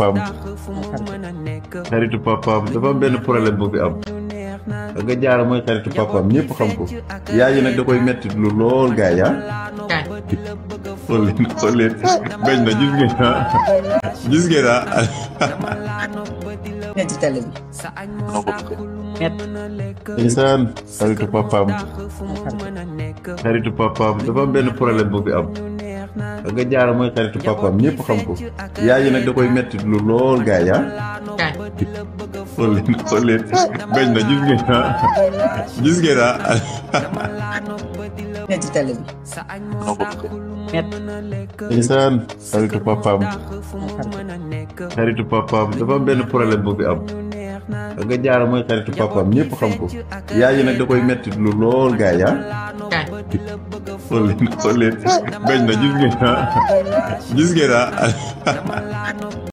papaam xaritu papaam dafa benn problème bu fi am danga jaara mooy xaritu papaam ñëpp xam ko yaay yi nag da koy metti lu lool gaa yi ah. xool leen xool leen bañ na gis ngeen ah gis ngeen ah. xaritu papaam xaritu papaam dafa benn problème bu fi am. nga jaaro mooy xaritu papaam ñëpp xam ko yaay yi nag da koy metti lu lool gaa yi ah. leen xool leen bañ na gis ngeen ah gis ngeen ah. metti télé xaritu papaam. xaritu papaam dafa benn problème bu fi am. nga jaaro mooy xaritu papaam ñëpp xam ko yaay yi nag da koy métti lu lool gaa yi ah. xool leen xool leen bañ na gis ngeen ah gis ngeen ah.